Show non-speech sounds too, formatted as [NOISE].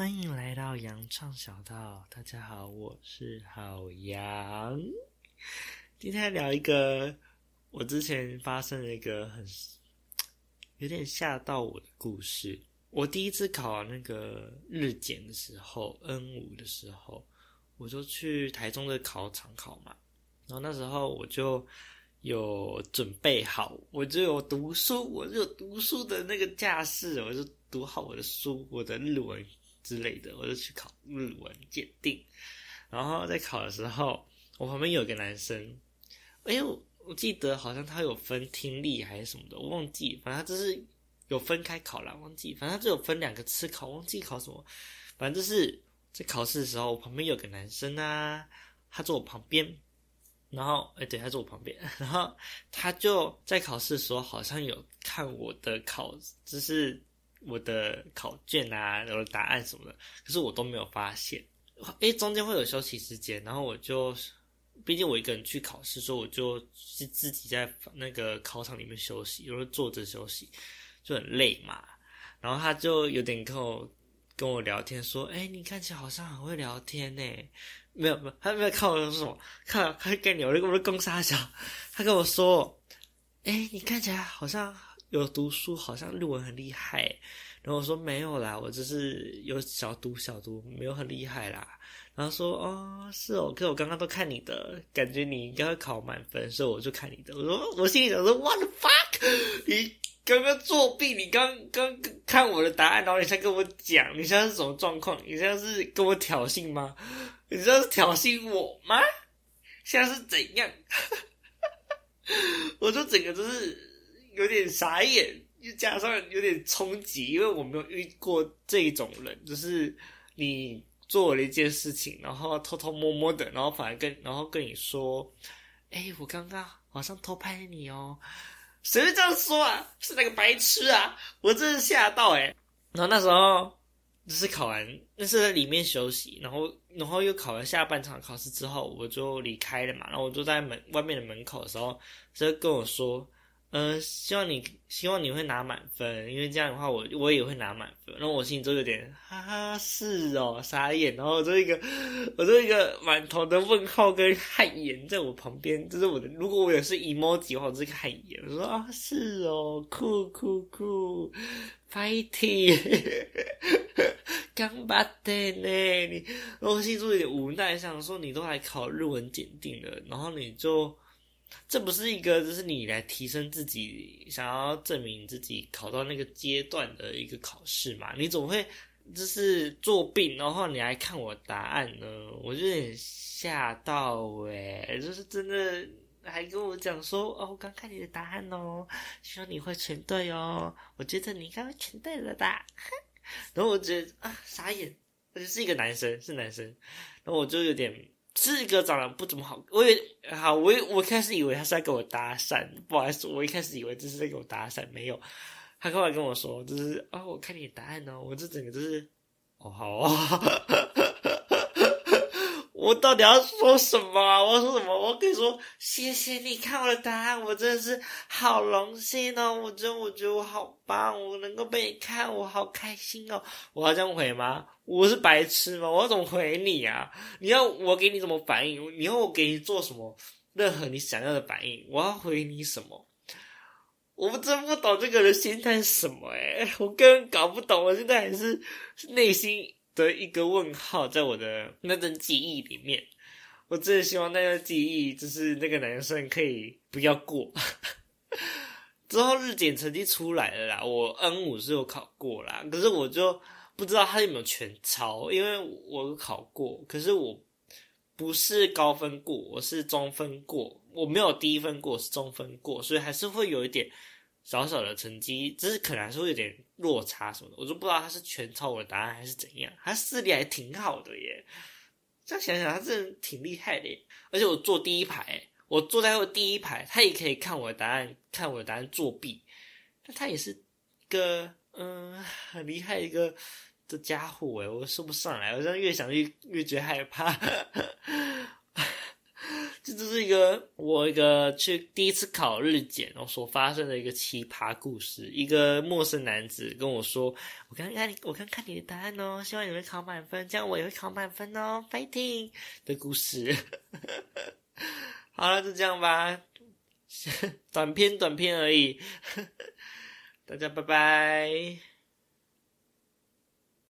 歡迎來到羊腸小道，大家好，我是好羊。今天聊一個我之前發生了一個很有點嚇到我的故事。我第一次考那個日檢的時候，N5 的時候，我就去台中的考場考嘛。然後那時候我就有準備好，我就有讀書，我就有讀書的那個架勢，我就讀好我的書，我的日文。之類的，我就去考日文鑑定。然後在考的時候，我旁邊有個男生，哎、欸、呦，我記得好像他有分聽力還是什麼的，我忘記。反正他就是有分開考了，忘記。反正他就有分兩個次考，忘記考什麼。反正就是在考試的時候，我旁邊有個男生啊，他坐我旁邊。然後，哎、欸，對，他坐我旁邊。然後他就在考試的時候，好像有看我的考，就是。我的考卷啊，然後答案什麼的，可是我都沒有發現。欸，中間會有休息時間，然後我就，畢竟我一個人去考試，所以我就自己在那個考場裡面休息，有時候坐着休息，就很累嘛。然後他就有點跟我跟我聊天，說：“誒，你看起來好像很會聊天呢。”沒有沒有，他沒有看我說什麼，看他跟你，我的供三小，他跟我說：“誒，你看起來好像。”有讀書，好像日文很厲害。然後我說沒有啦，我只是有小讀小讀，沒有很厲害啦。然後說哦，是哦，可我剛剛都看你的，感覺你應該會考滿分，所以我就看你的。我說我心裡想說，what the fuck？你剛剛作弊，你剛剛，剛看我的答案，然後你才跟我講，你現在是什麼狀況？你現在是跟我挑釁嗎？你現在是挑釁我嗎？現在是怎樣？ [LAUGHS] 我就整個就是。有點傻眼，又加上有點衝擊，因為我沒有遇過這種人，就是你做了一件事情，然後偷偷摸摸的，然後反而跟，然後跟你說：“欸，我剛剛好像偷拍你喔。”誰會這樣說啊？是那個白痴啊！我真是嚇到欸。然後那時候就是考完，那是在裡面休息，然後然後又考完下半場考試之後，我就離開了嘛。然後我就在門外面的門口的時候，他就跟我說。嗯、呃，希望你希望你會拿滿分，因為這樣的話我，我我也會拿滿分。然後我心裡就有點，哈、啊、哈，是哦，傻眼。然後我一個我這個滿頭的問號跟汗顏在我旁邊，就是我的。如果我也是 emoji 的話，這是個汗顏。我說啊，是哦，酷酷酷，fighting，嘿嘿嘿，剛八電呢，你。然後我心裡就有點無奈，想說你都來考日文檢定了，然後你就。這不是一個，就是你來提升自己，想要證明自己考到那個階段的一個考試嘛？你怎麼會就是作弊，然後你來看我答案呢？我就有點嚇到，誒，就是真的還跟我講說哦，我剛看你的答案哦，希望你會全對哦。我覺得你應該會全對了吧？ [LAUGHS] 然後我覺得啊傻眼，我就是一個男生，是男生，然後我就有點。這個長得不怎麼好，我也好，我一我一開始以為他是在跟我搭訕，不好意思，我一開始以為這是在跟我搭訕。沒有，他後來跟我說，就是啊、哦，我看你的答案呢、哦，我這整個就是，哦，好啊、哦。 [LAUGHS] 我到底要說什麼啊？我要說什麼？我可以說謝謝你看我的答案，我真的是好榮幸哦！我真我覺得我好棒，我能夠被你看，我好開心哦！我要這樣回嗎？我是白痴嗎？我要怎麼回你啊？你要我給你怎麼反應？你要我給你做什麼任何你想要的反應？我要回你什麼？我真不懂這個人心態什麼欸！我根本搞不懂，我現在還是內心。以，一個問號在我的那段記憶裡面，我最希望那段記憶就是那個男生可以不要過。 [LAUGHS] 之後日檢成績出來了啦，我 N 五是有考過啦，可是我就不知道他有沒有全抄，因為我，我考過，可是我不是高分過，我是中分過，我沒有低分過，我是中分過，所以還是會有一點。小小的成績，只是可能還是會有點落差什麼的，我就不知道他是全抄我的答案還是怎樣。他視力還挺好的耶，這樣想想他這人挺厲害的耶，而且我坐第一排，我坐在後第一排，他也可以看我的答案，看我的答案作弊，但他也是一個嗯、呃、很厲害一個這家伙哎，我說不上來，我這樣越想越越覺得害怕。 [LAUGHS] 這是一個我一個去第一次考日檢，然後所發生的一個奇葩故事。一個陌生男子跟我說：“我剛剛，我剛剛你的答案哦，希望你會考滿分，這樣我也會考滿分哦，fighting！” 的故事。 [LAUGHS] 好了，就這樣吧。 [LAUGHS] 短片，短片而已。 [LAUGHS] 大家拜拜。